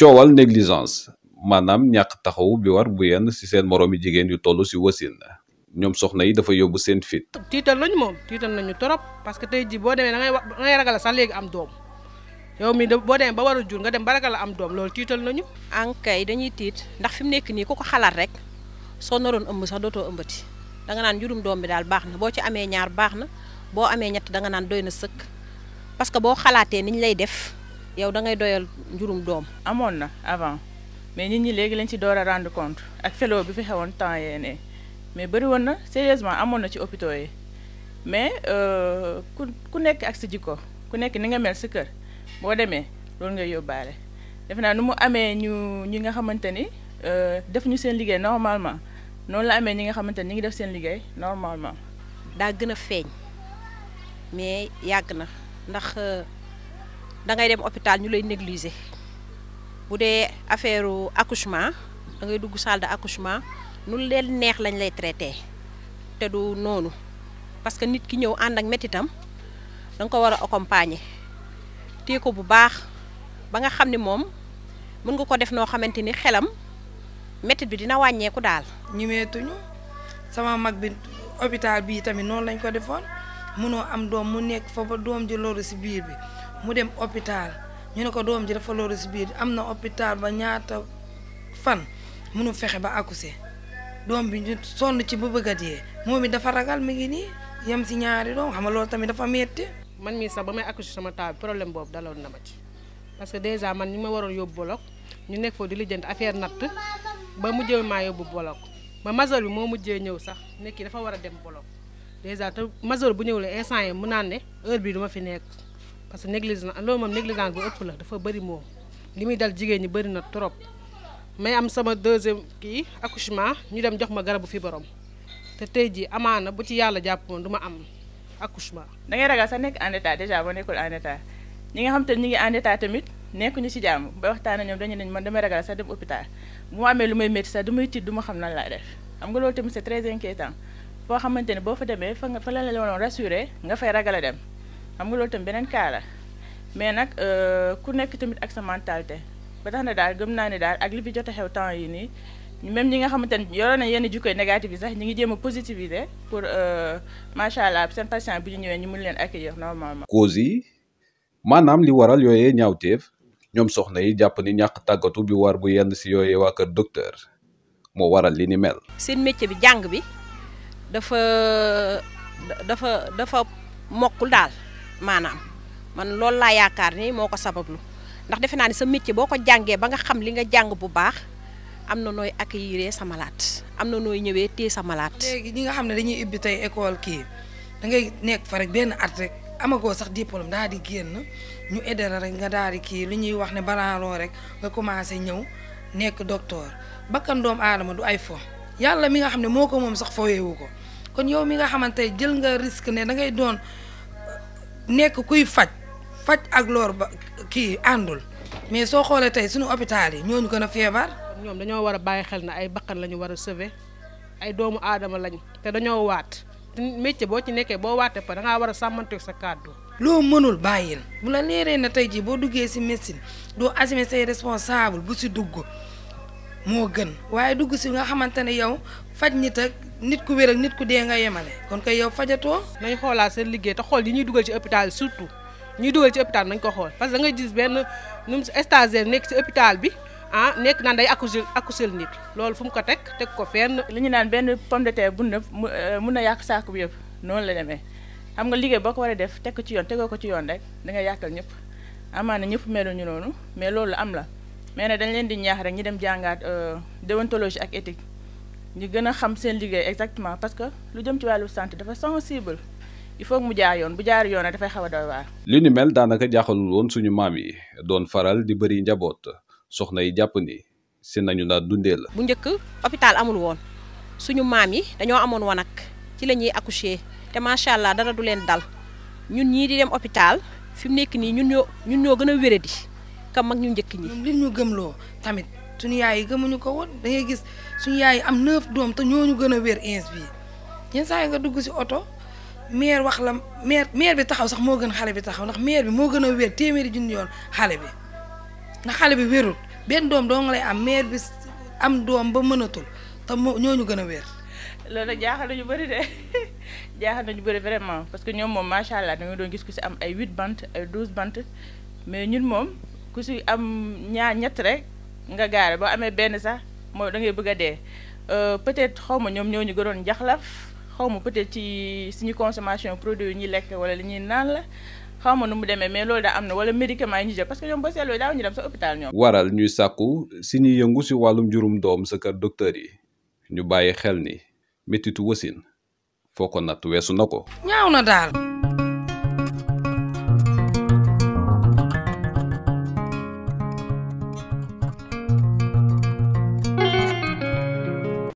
coowal négligence manam ñak taxawu bi war bu yenn ci seen moroomi jigen yu tollu ci wasin ñom soxna yi dafa yobbu seen fit tital nañu mom tital nañu torop parce que tay ji bo demee da ngay ragal sax léegi am dom yow mi bo demee ba waru jur nga dem baragal am dom lol tital nañu ankay dañuy tit ndax fim nek ni nii ku rek so naroon eum sax doto eumati da nga nan jurum dom bi dal baxna bo ci amé ñaar baxna bo amé da nga nan doyna seuk parce que bo xalaté niñ lay def yow da ngay doyal njurum doom. amoon na avant mais nit ñi léegi lañ ci door a rendre compte ak felo bi fi xewoon temps yee ne mais bëri woon na sérieusement amoon na ci hôpitaux yi mais euh, ku ku nekk ak sa jikko ku nekk ni nga mel sa kër boo demee loolu ngay yóbbaale def naa nu mu amee ñu ñi nga xamante ni euh, def ñu seen liggéey normalement noonu la amee ñi nga xamante ni ñu ngi def seen liggéey normalement. daa gën a feeñ mais yàgg na ndax. Euh, da ngay dem hôpital ñu lay négliger bu dee affaire accouchement da ngay dugg sald d'accouchement nu leen neex lañ lay traité te du noonu parce que nit ki ñëw ànd ak métitam da nga ko war a accompagner téye ko bu baax ba nga xam ni moom mën nga ko def noo xamante ni xelam métit bi dina wàññeeku daal. ñimeetuñu sama mag bi hôpital bii tamit noonu lañ ko defoon mënoo am doom mu nekk fa doom ji loru ci biir bi. mu dem hôpital ñu ne ko doom ji dafa loolu si biir am na hôpital ba ñaata fan munu fexe ba accoucher doom bi ñu sonn ci ba bëgga a dee moom it dafa ragal mi ngi nii yem si ñaari doom xam nga loolu tamit dafa metti man mii sax ba may accoucher sama taal problème boobu daloon na ma ci parce que déjà man ñi ma waroon yóbbu bolok ñu nekk foofu di lijjanti affaire natt ba mujjee maa yóbbu bolok ba major bi moo mujjee ñëw sax nekk dafa war a dem bolok déjà te major bu ñëwul instant yi mu naan ne heure bii duma fi nekk. parce que négligence loolu moom négligence bu ëpp la dafa bari moom li muy dal jigéen ñi bëri na trop may am sama deuxième kii accouchement ñu dem jox ma garabu fi fibrome te tey jii amaana bu ci yàlla jàpp moom du ma am accouchement. da ngay ragal sax nekk en état déjà boo nekkul en ñi nga xam te ñu ngi en état tamit nekkuñu ci jàmm ba waxtaan ak ñoom dañu ne man damay ragal sax dem hôpital bu amee lu may métti sax du may tiit du ma xam na laa def xam nga loolu tamit c'est très inquiétant foo xamante ne boo fa demee fa nga fa la la woon rassuré nga fay ragal a dem. xam nga loolu tamit beneen kaar la mais nag euh, ku nekk tamit ak sa mentalité ba tax na daal gëm naa ne daal ak li fi jot xew temps yi nii même ñi nga xamante ne yoroon nañ yenn jikkoy négatif yi sax ñi ngi jéem a positiviser pour euh, macha allah seen bi ñu ñëwee ñu mun leen accueillir normalement. causes yi maanaam li waral yooyee ñaawteef ñoom soxna yi jàpp ni ñàkk tàggatu bi war bu yenn si yooyee waa kër docteur moo waral li ni mel. seen métier bi jàng bi dafa dafa dafa maanaam man loolu laa yaakaar ni moo ko sabablu ndax defe naa ni sa métier boo ko jàngee ba nga xam li nga jàng bu baax am na nooy accueillir sa malaat am na nooy ñëwee téye sa malaat. léegi ñi nga xam ne dañuy ubbi tey école kii da ngay nekk fa rek benn at rek amagoo sax diplôme daal di génn ñu aidé rek nga daal di kii li ñuy wax ne balaaroo rek nga commencé ñëw nekk docteur bakkan doom aadama du ay fo yàlla mi nga xam ne moo ko moom sax foyewu ko kon yow mi nga xamante jël nga risque ne da ngay doon. nekk kuy faj faj ak loor ba kii àndul mais soo xoolee tey suñu hôpital yi ñooñu gën a feebar. ñoom dañoo war a bàyyi xel na ay bakkan la ñu war a sauver ay doomu aadama lañ te dañoo waat métier boo ci nekkee boo waatee pa da ngaa war a sàmmanteek sa kàddu. loo mënul bàyyil bu la leeree na tey jii boo duggee si médecine doo assumer say responsable bu si dugg moo gën waaye dugg si nga xamante ne yow faj nit nit ku wér nit ku dee nga yemale kon koy yow fajatoo. nañ xoolaat seen liggéey te xool yi ñuy dugal ci hôpital surtout ñuy dugal ci nañ ko xool parce que da ngay gis benn nu mu stagiaire nekk ci hôpital bi ah nekk naan day accoucher accoucher nit loolu fu mu ko teg teg ko fenn. li ñu naan benn pomme de terre bu nëb euh, mun na yàq saako bi yëpp noonu la demee xam nga liggéey boo ko war a def teg ko ci yoon tegoo ko ci yoon rek da nga yàqal ñëpp amaana ñëpp meluñu noonu mais loolu am la mais nag dañ leen di ñaax rek ñu dem jàngaat euh, déontologie ak éthique. ñu gën a xam seen liggéey exactement parce que lu jëm ci wàllu santé dafa sensible il faut mu jaar yoon bu jaar yoon dafay xaw a doy waar. li ni mel daanaka jaaxalul woon suñu maam yi doon faral di bëri njaboot soxna yi jàpp ni si nañu naa dundee la. bu njëkk hôpital amul woon suñu maam yi dañoo amoon wanag ci la ñuy accoucher te macha allah dara du leen dal ñun ñii di dem hôpital fi mu nekk nii ñun ñoo ñun ñoo gën a mag ñu njëkk ñi. li ñu gëmloo tamit. suñu yaay yi gëmuñu ko woon da gis suñu yaay yi am neuf doom te ñooñu gën a wér ins bi yenn saa yi dugg si oto maire wax la maire maire bi taxaw sax moo gën xale bi taxaw ndax maire bi moo gën a wér téeméeri junni yoon xale bi na xale bi wérul benn doom doo nga lay am maire bi am doom ba mënatul te moo ñooñu gën a wér. loolu jaaxal nañu bëri de jaaxal nañu bëri vraiment parce que ñoom moom macha allah dañoo doon gis ku si am ay huit bant ay douze bant mais ñun moom ku si am ñaar ñett rek. nga gaare boo amee benn sax mooy da ngay bëgg a dee euh, peut-être xaw ma ñoom ñoo ñu gënoon jaxlaf xaw ma peut-être ci suñu consommation produit yi ñuy lekk wala li ñuy naan la xaw ma nu mu demee mais loolu daa am na wala médicament yi ñu jël parce que ñoom boo seetloo daaw ñu dem sa hôpital ñoom. waral ñuy sàkku si ñuy yëngu si wàllum jurum doom sa kër docteur yi ñu bàyyi xel ni méttitu wasin foo ko natt weesu na ko. ñaaw na daal.